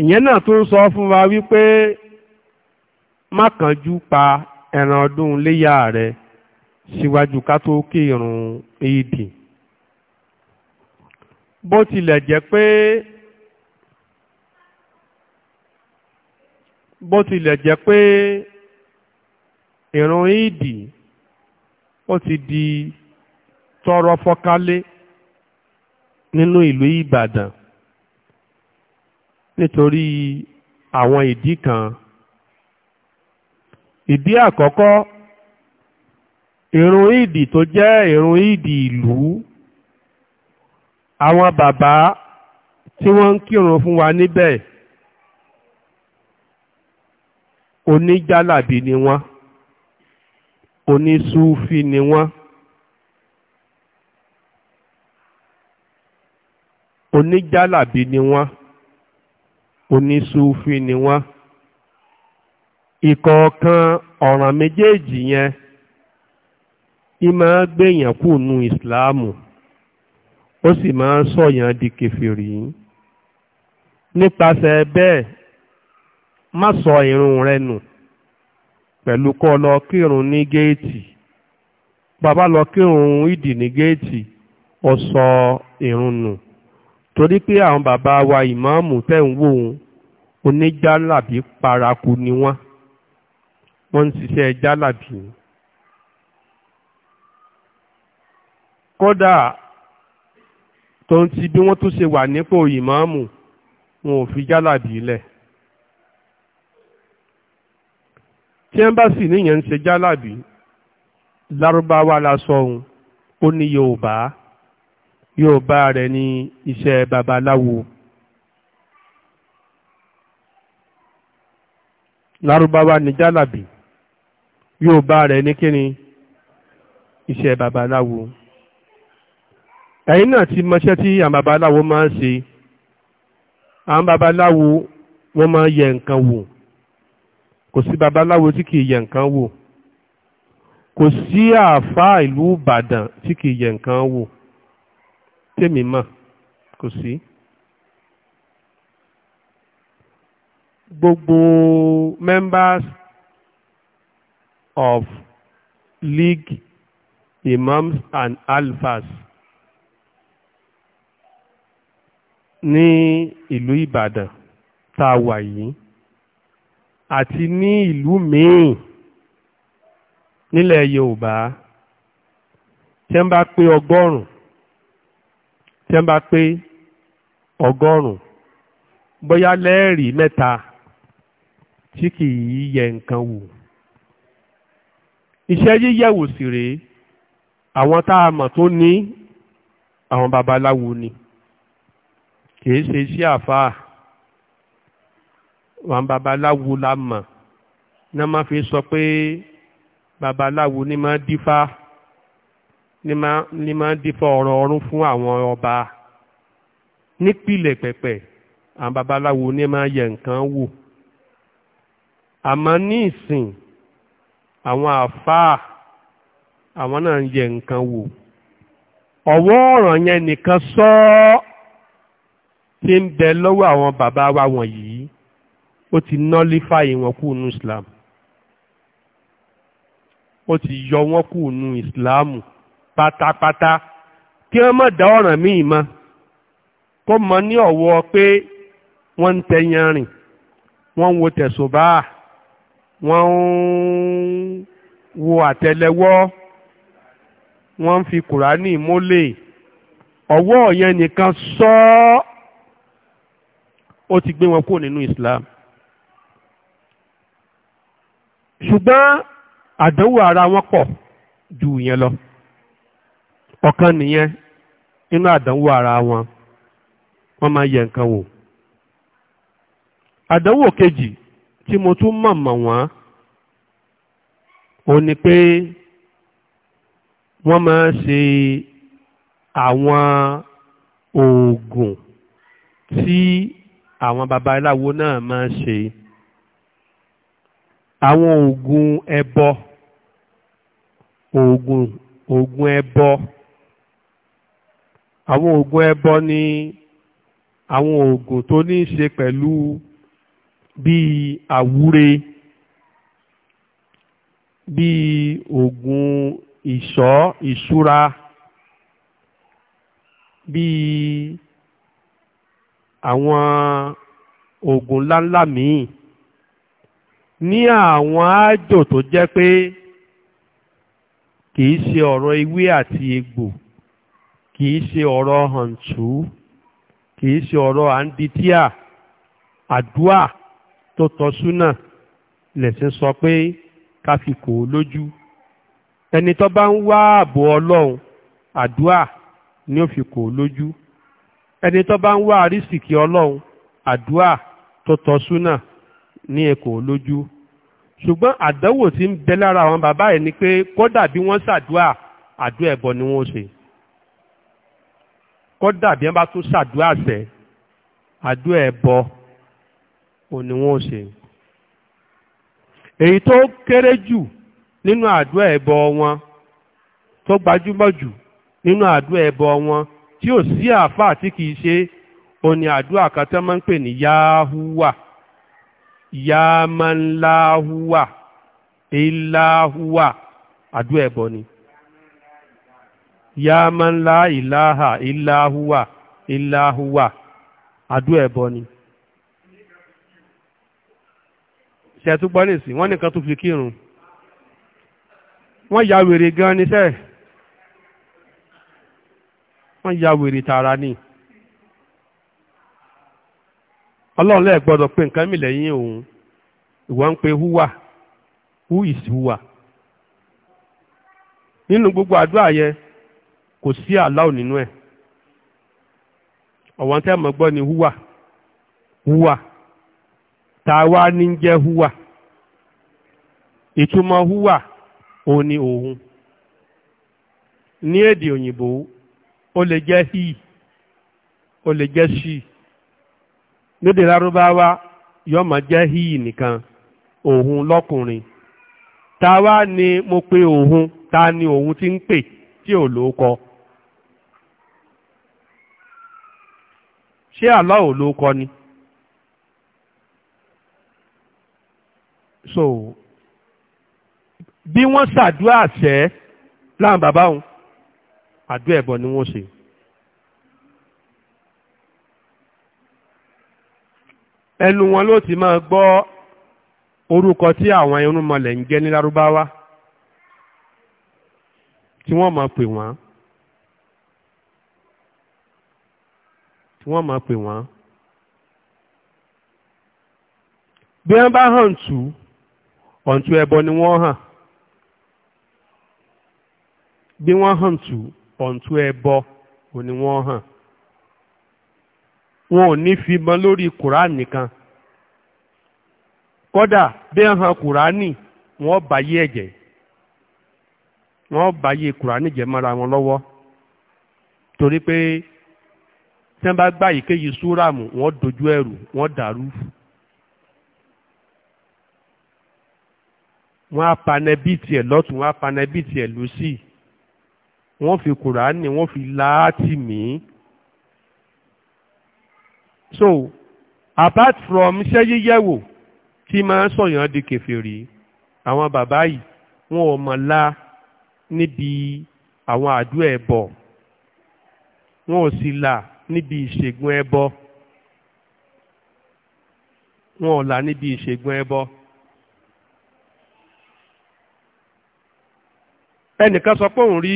ìyẹn náà tó ń sọ fún wa wípé má kánjú pa ẹran ọdún léyà rẹ̀ síwájú ká tó kírun éèdì bó tilẹ̀ jẹ́ pé bó tilẹ̀ jẹ́ pé ìrun éèdì ó ti di tọrọ fọ́kálé nínú ìlú Ìbàdàn nítorí àwọn ìdí kan ìdí àkọ́kọ́ ìrun ìdì tó jẹ́ ìrun ìdì ìlú àwọn bàbá tí wọ́n ń kírun fún wa níbẹ̀ oníjálàbí ni wọ́n onísúfí ni wọ́n oníjálàbí ni wọ́n onísúfí ni wọ́n ìkọ̀ọ̀kan ọ̀ràn méjèèjì yẹn í máa gbèyàn kù nu ìsìláàmù ó sì máa ń sọ̀yàn di kẹfìrí nípasẹ̀ bẹ́ẹ̀ má sọ irun rẹ nù pẹ̀lú kọ́ lọ kírun ní géètì bàbá lọ kírun ìdì ní géètì ó sọ irun nù. torí pé àwọn bàbá wa ìmáàmù tẹ́ ń wò wọn oníjálàbí paraku ni wọ́n wọ́n ń ṣiṣẹ́ jálàbí. kódà tó ń ti bí wọ́n tún ṣe wà nípò ìmáàmù wọn ò fi jálàbí lẹ̀. tí wọ́n bá sì níyẹn ń ṣe jálàbí lárúbáwá la sọ ohun ó ní yorùbá yóò bá rẹ̀ ní iṣẹ́ babaláwo lárúbáwá ní jálàbí yóò bá rẹ̀ ní kíni iṣẹ́ babaláwo ẹ̀yin náà ti mọṣẹ́ tí àwọn babaláwo máa ń ṣe àwọn babaláwo wọ́n máa ń yẹ nǹkan wò kò sí babaláwo tí kìí yẹ nǹkan wò kò sí àáfàá ìlú Ìbàdàn tí kìí yẹ nǹkan wò tèmi mọ̀ kò sí. gbogbo members of league imams and alfas ní ìlú Ìbàdàn tá a wà yìí àti ní ìlú míì nílẹ̀ Yorùbá tí wọ́n bá pé ọgọ́rùn-ún tí wọ́n bá pé ọgọ́rùn-ún bóyá lẹ́ẹ̀rí mẹ́ta tí kì í yẹ nǹkan wò iṣẹ́ yíyẹ̀wò sì rèé àwọn tá a mọ̀ tó ní àwọn babaláwo ni kì í ṣe iṣẹ́ àfáà wọn babaláwo la mọ̀ náà má fi sọ pé babaláwo ni máa dífá ní máa ń dífọ́ ọ̀rọ̀ ọ̀run fún àwọn ọba nípìlẹ̀ pẹ̀pẹ̀ àwọn babaláwo ní máa yẹ nǹkan wò àmọ́ ní ìsìn àwọn àfáà àwọn náà ń yẹ nǹkan wò ọ̀wọ́ ọ̀ràn yẹn nìkan sọ́ọ́ tí ń bẹ lọ́wọ́ àwọn bàbá wa wọ̀nyí ó ti nọ́lífàyè wọn kú nù Islam ó ti yọ wọn kú nù Islam pátápátá kí wọ́n mọ̀ dá ọ̀ràn míì mọ́ kó mọ ní ọ̀wọ́ pé wọ́n ń tẹyàn rìn wọ́n ń wo tẹ̀sùbá wọ́n ń wo àtẹlẹwọ́ wọ́n ń fi kùránì mólè ọ̀wọ́ yẹn nìkan sọ ó ti gbé wọn kúrò nínú Islam ṣùgbọ́n àdánwò ara wọn pọ̀ ju ìyẹn lọ ọ̀kan nìyẹn nínú àdánwò ara wọn wọ́n máa yẹ nǹkan wò àdánwò kejì tí mo tún mọ̀ mọ̀ wọ́n ò ní pé wọ́n máa ṣe àwọn oògùn tí àwọn babaláwo náà máa ṣe àwọn oògùn ẹbọ oògùn oògùn ẹbọ. E àwọn oògùn ẹbọ ni àwọn oògùn tó ní í ṣe pẹ̀lú bíi àwúre bíi oògùn ìṣọ́ ìṣúra bíi àwọn oògùn ńláńlá míì ní àwọn àjò tó jẹ́ pé kìí ṣe ọ̀rọ̀ ewé àti egbò kìí ṣe ọ̀rọ̀ hàǹtù kìí ṣe ọ̀rọ̀ àǹdítíà àdúà tó tọ́ súnà lẹ̀sìn sọ pé ká fi kò lójú ẹni tó bá ń wá ààbò ọlọ́run àdúà ni ó fi kò lójú ẹni tó bá ń wá àrísìkí ọlọ́run àdúà tó tọ́ ní ẹ lójú ṣùgbọ́n àdánwò tí ń bẹ lára àwọn bàbá ẹ̀ ni pé kódà bí wọ́n ṣàdúà àdúà ni wọ́n ṣe kódà bí wọ́n bá tún ṣàdúrà sẹ́ àdúrà ẹ̀ bọ òun ni wọ́n ṣe èyí tó kéré jù nínú àdúrà ẹ̀bọ wọn tó gbajúmọ̀ jù nínú àdúrà ẹ̀bọ wọn tí ò sí àáfàá tí kìí ṣe òun ni àdúrà kan tó máa ń pè ní yahuwa yamanlahuwa ilahuwa àdúrà ẹ̀bọ ni ya man la ilaha illa huwa illa huwa ni ṣẹ̀tú gbọ́ nìsín wọn nìkan tó fi kírun Wọn ya wèrè gan níṣẹ́ Wọn ya wèrè tààrà ni ọlọ́run gbọdọ pe pé nǹkan mi lẹ́yìn òun ìwọ ń pe huwa who is huwa. nínú gbogbo àdúrà yẹn kò sí aláwò nínú ẹ̀ ọ̀wọ́n tẹ́ mọ̀ gbọ́ ni húwà húwà tàwa ní jẹ́ húwà ìtumọ̀ húwà òun ni òun ní èdè òyìnbó ó lè jẹ́ he ó lè jẹ́ she lédè lárúbáwá yóò máa jẹ́ he nìkan òun lọ́kùnrin tàwa ni mo pe òun ta ni òun ti ń pè tí ò lóko. ṣé àlá ò ló kọ ni. so bí wọ́n ṣàdúrà àṣẹ láwọn bàbá òun àdúrà ẹ̀bọ ni wọ́n ṣe. ẹnu wọn ló ti máa gbọ́ orúkọ tí àwọn irúnmọlẹ̀ ń jẹ́ ní lárúbáwá tí wọ́n máa pè wọ́n. tí wọ́n máa pè wọ́n bí wọ́n bá hàn tù, ọ̀ǹtú ẹbọ ni wọ́n hàn bí wọ́n hàn tú ni wọ́n hàn wọn ò ní fi mọ lórí kùránì nìkan kódà bí wọ́n hàn kùránì wọ́n bá yé ẹ̀jẹ̀ wọ́n bá yé kùránì jẹ́ mọ́ra wọn lọ́wọ́ torí pé tí wọ́n bá gbá èyíkéyìí súrà mú wọ́n dojú ẹ̀rù wọ́n dàrú. wọ́n á panẹ́ bíi tiẹ̀ lọ́tún wọ́n á panẹ́ bíi tiẹ̀ lọ́sì wọ́n fi kùránì wọ́n fi láàtì mí. so apart from iṣẹ́ yíyẹ̀wò tí máa ń sọ̀yàn di kèfèrí àwọn bàbá yìí wọn ò mọ̀ la níbi àwọn àdúrà ẹbọ wọn ò sì là níbi ìṣègùn ẹbọ wọn ò là níbi ìṣègùn ẹbọ ẹnìkan sọ pé òun rí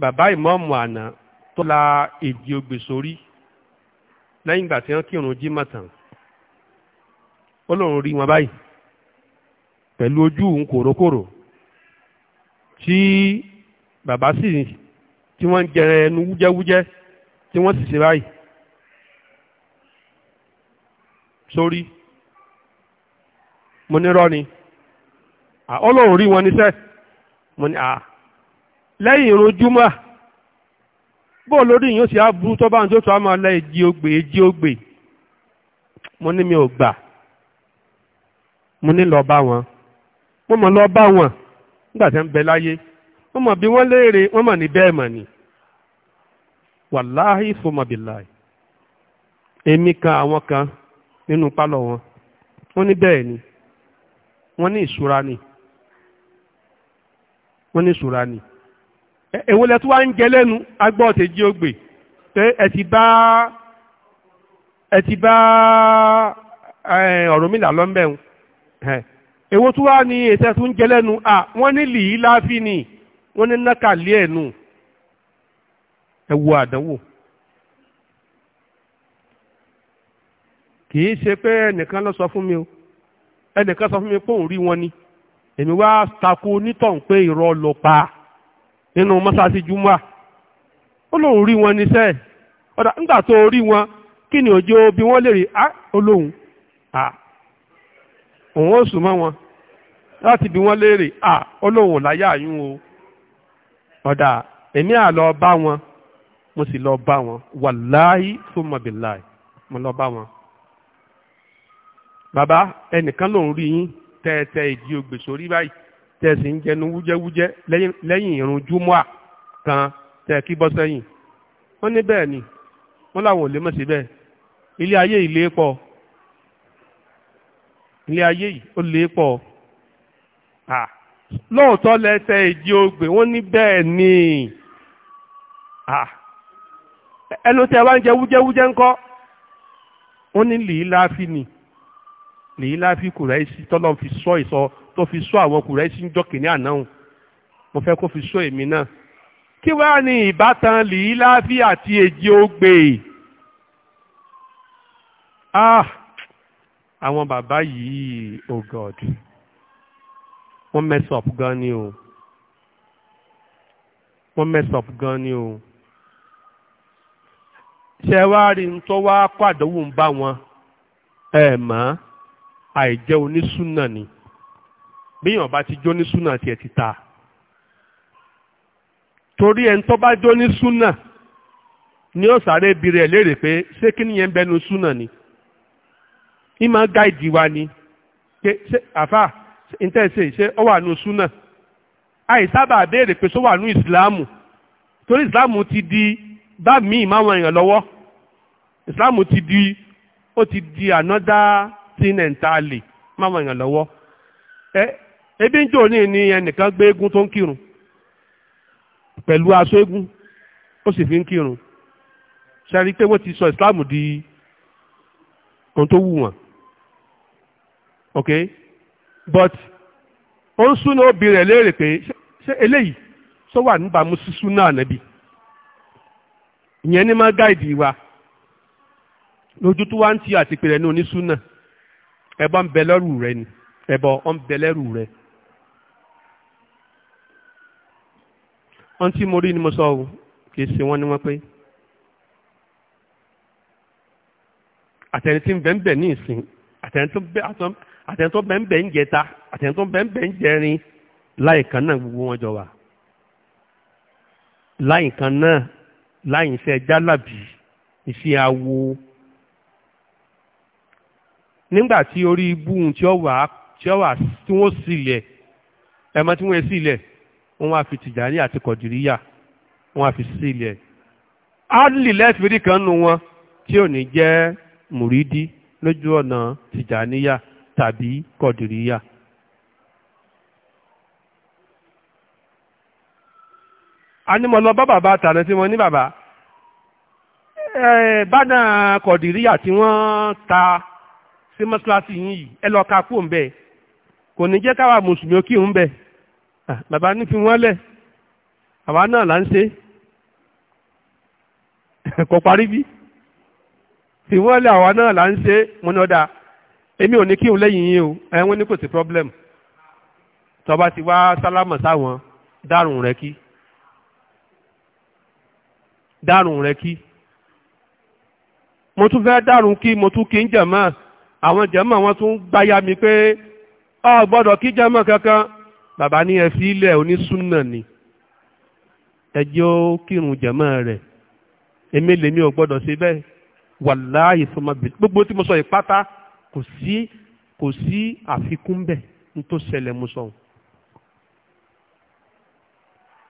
bàbá ìmọ̀ọ́mù àná tó la èdè ogbè sórí lẹ́yìn ìgbà tí wọ́n kírun jí mọ̀tàn ó lóun rí wọn báyìí pẹ̀lú ojú òun kòrókòrò tí bàbá sì tí wọ́n ń jẹrẹ ẹnu wújẹ́wújẹ́ tí wọ́n sì ṣe báyìí sórí mo ní rọ́ ni ọlọ́run rí wọn níṣẹ́ mo ní à lẹ́yìn irun júmọ́ bóò lórí yìí ó sì á burú tó bá ń tó tó á máa lẹ èjì ogbè èjì ogbè mo ní mi ò gbà mo ní lọ bá wọn mo mọ̀ lọ bá wọn nígbà tí wọ́n ń bẹ láyé mo mọ̀ bí wọ́n léèrè wọ́n mọ̀ ní bẹ́ẹ̀ mọ̀ ni wàláhì fòmàbìláì èmi kan àwọn kan nínú pálọ̀ wọn wọ́n ní bẹ́ẹ̀ ni wọ́n ní ìṣúra ni wọ́n ní ìṣúra ni èwo lẹ́tú wá ń jẹ lẹ́nu agbọ́ ọ̀tẹ̀ jí ó gbè pé ẹ ti bá ẹ ti bá Ọ̀rúnmìlà lọ́nbẹ̀hún èwo tún wá ní ètẹ́ tún jẹ lẹ́nu à wọ́n ní lìí láàfin ni wọ́n ní nákàlí ẹ̀nu. ẹ àdánwò kìí ṣe pé ẹnìkan lọ sọ fún mi o ẹnìkan sọ fún mi pé òun rí wọn ni èmi wá tako onítọ̀hún pé irọ́ pa nínú mọ́sáàsì júmọ́à ó lóun rí wọn níṣẹ́ ọ̀dà nígbà tó rí wọn kí ni òjò bí wọ́n lè rí á olóhùn à òun ó sùn mọ́ wọn láti bí wọ́n à olóhùn mo sì lọ bá wọn wàláhí summa billahi mo lọ bá wọn. bàbá ẹnìkan ló ń rí yín tẹ́ẹ̀tẹ́ ìdí ogbè sórí báyìí tẹ́ẹ̀sì ń jẹnu wújẹ́wújẹ́ lẹ́yìn ìrun júmọ́à kan tẹ́ẹ̀kí bọ́ sẹ́yìn. wọ́n ní bẹ́ẹ̀ ni wọ́n láwọn ò lè mọ̀ sí bẹ́ẹ̀ ilé ayé yìí pọ̀ ilé ayé yìí ó lè pọ̀ lóòótọ́ lẹ́sẹ̀ ìdí ogbè wọ́n ní bẹ́ẹ̀ ni ẹnu tẹ wá ń jẹ wújẹwújẹ ńkọ́ wọ́n ní lèyí láàfin ni lèyí láàfin kùrẹ́sì tọ́lọ́ fi sọ ìsọ tó fi sọ àwọn kùrẹ́sì ń jọ kìnní ànáhùn mo fẹ́ kó fi sọ èmi náà kí wàá ní ìbátan lèyí àti èjì ogbè ah àwọn bàbá yìí oh god wọ́n mess up gan ni o wọ́n mess up gan ni o. ṣe wá rí n tó wá kó àdánwò ń bá wọn ẹ mọ̀ àìjẹ́ onísùnà ni bíyàn bá ti jó ní súnà tiẹ̀ ti ta torí ẹni tó bá jó ní súnà ni ó sáré bi rẹ̀ léèrè pé ṣé kí nìyẹn ń bẹnu súnà ni ní máa gáìdì wa ni pé ṣé àfà ìtẹ̀sẹ̀ ṣé ọ wà nù súnà àìsábà béèrè pé ṣó wà nù ìsìláàmù torí ìsìláàmù ti di báàbù míì máwọn èèyàn lọ́wọ́ islam ti di ó ti di ànádá tínẹ̀ntàlì máwọn èèyàn lọ́wọ́ ẹ ebi ń jò ní ní ẹnìkan gbé eégún tó ń kírun pẹ̀lú aṣọ eégún ó sì fi ń kírun ṣe pé wọ́n ti sọ islam di ohun tó wù wọ́n ok but ó ń súná obìnrin rẹ̀ léèrè pé ṣé eléyìí sọ wà níbàámu sí súná ànábì ìyẹn ní máa gáìdì wa lójú tó wá ń ti àtìpé rẹ̀ ní onísúnà ẹbọ ń bẹ lẹ́rù rẹ ni ẹbọ ń bẹ lẹ́rù rẹ. wọ́n tí mo rí ni mo sọ ọ́ kì í ṣe wọ́n ni wọ́n pé. àtẹni tí ń bẹ̀ ń bẹ̀ ní ìsìn àtẹni tó bẹ̀ ń bẹ̀ ń jẹta àtẹni tó bẹ̀ ń bẹ̀ ń jẹrin láìkan náà gbogbo wọn jọ wà láìkan náà láyìnṣẹ́ jálàbí iṣẹ́ awo nígbà tí orí ibú tí ó wà tí ó wà tí wọ́n sílẹ̀ ẹ̀mọ́ tí wọ́n sílẹ̀ wọ́n wá fi tìjàní àti kọ̀dìríyà wọ́n wá fi sílẹ̀ adley lẹ́fìrí kan nu wọn tí ò ní jẹ́ mùrídí lójú ọ̀nà tìjàníyà tàbí kọ̀dìríyà. a mo lọ bá bàbá tàná tí mo ní bàbá bádà kọ̀dìríyà tí wọ́n ta sí mọ́ṣáláṣí yìí ẹ lọ ka kú òǹbẹ kò ní jẹ́ káwa mùsùlùmí ó kí òun bẹ̀ ah, bàbá ní fi wọ́n lẹ̀ àwa náà là ń ṣe kò parí bí fi wọ́n lẹ̀ àwa náà là ń ṣe múnádà èmi ò ní kí òun lẹ́yìn yín o ẹ̀wọ̀n ní kò sí problem tọ́ba ti wá sálámà sáwọn dárùn rẹ kí dárùn rẹ kí mo tún fẹ́ dárùn kí mo tún kí ń jẹ̀mọ́ àwọn jẹ̀mọ́ wọn tún gbáyà mi pé ọ gbọ́dọ̀ kí jẹ̀mọ́ kankan bàbá ní ẹ fi ilẹ̀ onísúnà ni ẹjẹ́ ó kírun jẹ̀mọ́ rẹ̀ èmi lèmi ò gbọ́dọ̀ ṣe bẹ́ẹ̀ wàláhì sọmọbì gbogbo tí mo sọ ìpátá kò sí kò sí àfikún bẹ́ẹ̀ ní tó ṣẹlẹ̀ mo sọ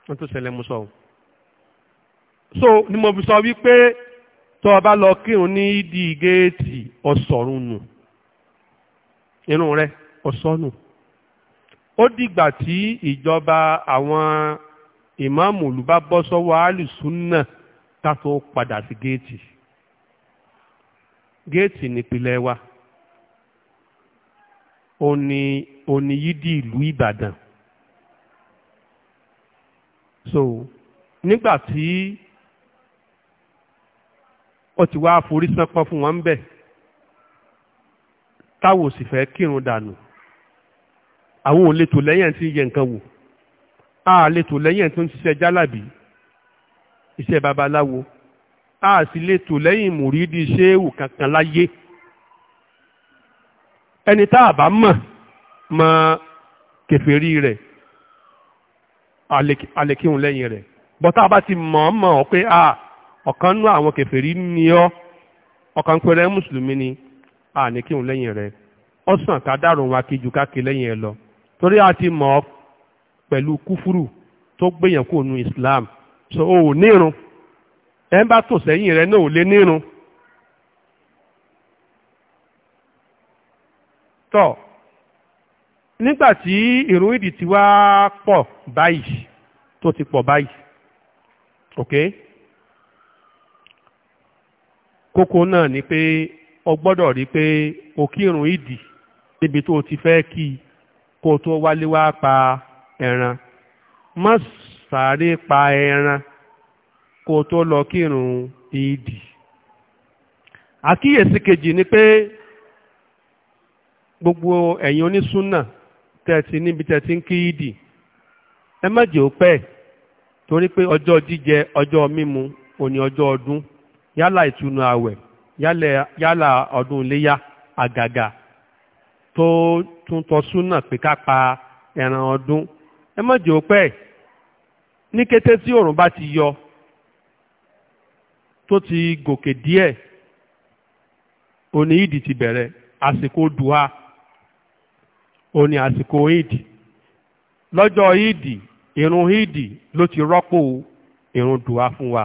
ohun tó ṣẹlẹ̀ mo sọ so ni mo fi sọ wípé tó o bá lọ kírun ní ìdí géètì ọ̀sọ̀run nù irun rẹ ọ̀sọ́nù ó dìgbà tí ìjọba àwọn ìmáàmù ìlú bá bọ́ sọ́wọ́ alùsùnà ká tó padà sí géètì géètì nípìnlẹ̀ wa òní òní ìlú Ìbàdàn so nígbà tí ó ti wá forí sánpọ́n fún wọn bẹ́ẹ̀ táwọn ò sì fẹ́ kírun dànù àwọn ò lè tò lẹ́yìn tí yẹ nǹkan wò a lè tò lẹ́yìn tó ń ṣiṣẹ́ jálàbí iṣẹ́ babaláwo a sì lè tò lẹ́yìn mùrídì ṣéèwù kankan láyé ẹni tá a bá mọ̀ mọ kèfèrí rẹ̀ a lẹ́yìn rẹ̀ bọ́tá a bá ti mọ̀ ọ́ mọ̀ ọ́ pé a. Ah, ọ̀kan nú àwọn kèfèrí ni ọ́ ọ̀kan pẹ̀rẹ́ mùsùlùmí ni a ní kí òun lẹ́yìn rẹ̀ ó sàn ká dárò wọn akéjù káàkiri lẹ́yìn ẹ lọ torí a ti mọ̀ ọ́ pẹ̀lú kúfúrù tó gbéyàn kó nu Islam so o ò nírun ẹ ń bá tò sẹ́yìn rẹ náà ò lé nírun tọ́ nígbà tí ìrun ìdì ti pọ̀ báyìí tó ti pọ̀ báyìí okay kókó náà ni pé o gbọ́dọ̀ rí pé o kírun ìdì níbi tó o ti fẹ́ kí kó o tó wálé wá pa ẹran má sáré pa ẹran kó o tó lọ kírun ìdì àkíyèsí kejì ni pé gbogbo ẹ̀yin onísúnà tẹ̀sí níbi tẹ̀sí ń kí ìdì ẹ má jẹ́ òpẹ́ torí pé ọjọ́ jíjẹ ọjọ́ yálà ìtúnu àwẹ̀ yálà ọdún iléyá àgàgà tó tún tọ́ súnà pé ká pa ẹran ọdún ẹ má jẹ́ ó pẹ́ ní kété tí òòrùn bá ti yọ tó ti gòkè díẹ̀ òní ìdì ti bẹ̀rẹ̀ àsìkò dùá òní àsìkò ìdì lọ́jọ́ ìdì ìrun ìdì ló ti rọ́pò ìrun dùá fún wa.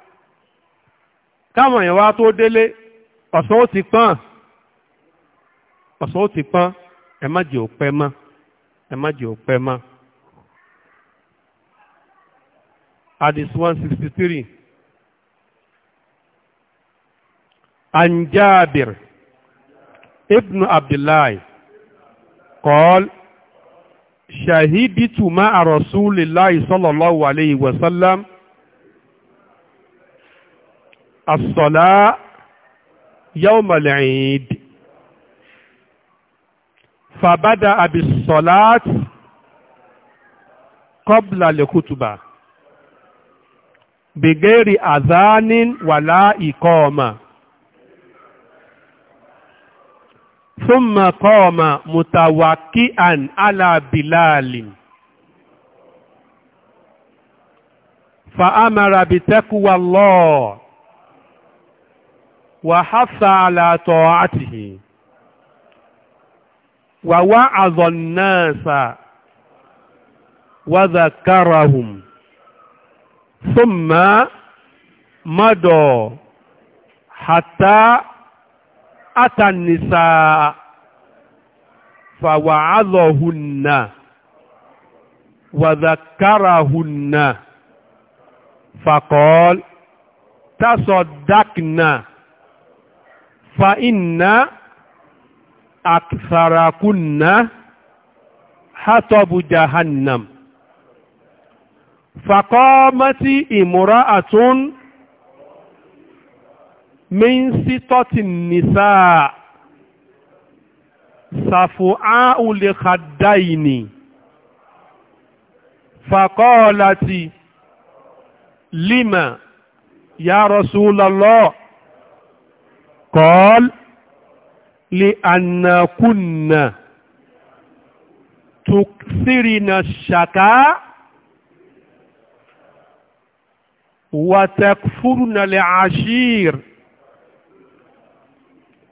káwọn èèyàn wá tó délé ọ̀sán ó ti pọ́n ọ̀sán ó ti pọ́n ẹ má jẹ́ òpẹ́ mọ́ ẹ má jẹ́ òpẹ́ mọ́. Hadis 163 An ibn Abdullahi قال شهدت مع رسول الله صلى الله عليه وسلم àsọ̀lá yawmal eid fàbádà àbìsọ̀lá kọ́bùlà lẹ́kùtùbà bìgẹ́rì àzánín wàlá ìkọ́ọ̀mà ثم قام متوكئا على بلال فأمر بتقوى الله وحث على طاعته ووعظ الناس وذكرهم ثم مضى حتى أتى النساء فوعظهن وذكرهن فقال تصدقنا فإن أكثر كنا حطب جهنم فقامت امرأة من سطة النساء صفعاء لخدين فقالت لما يا رسول الله قال لأن كنا تكثرن الشكاء وتكفرن لعشير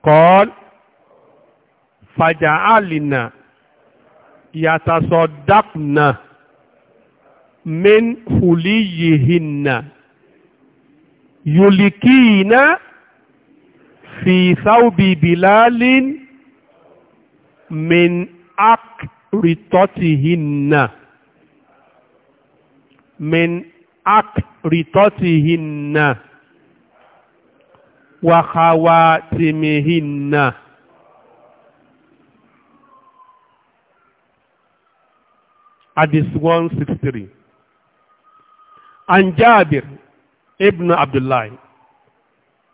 قال فجعلنا يتصدقن من حليهن يلكين fi thawbi bilalin min akritotihinna min akritotihinna wa khawatimihinna Hadis 163 An Jabir ibn Abdullah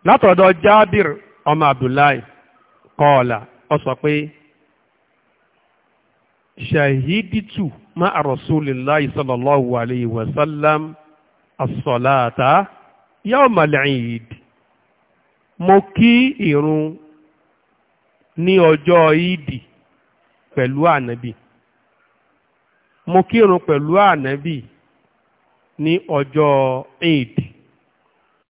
látọ̀dọ̀ Jabir ọmọ abdullahi kọ́ọ̀là ó sọ pé ṣahiditu ma a rasulillahi sallallahu alayhi wa sallam as-salata yawm al-eid mo kí ìrun ní ọjọ́ ìdì pẹ̀lú ànábì mo kírun pẹ̀lú ànábì ní ọjọ́ ìdì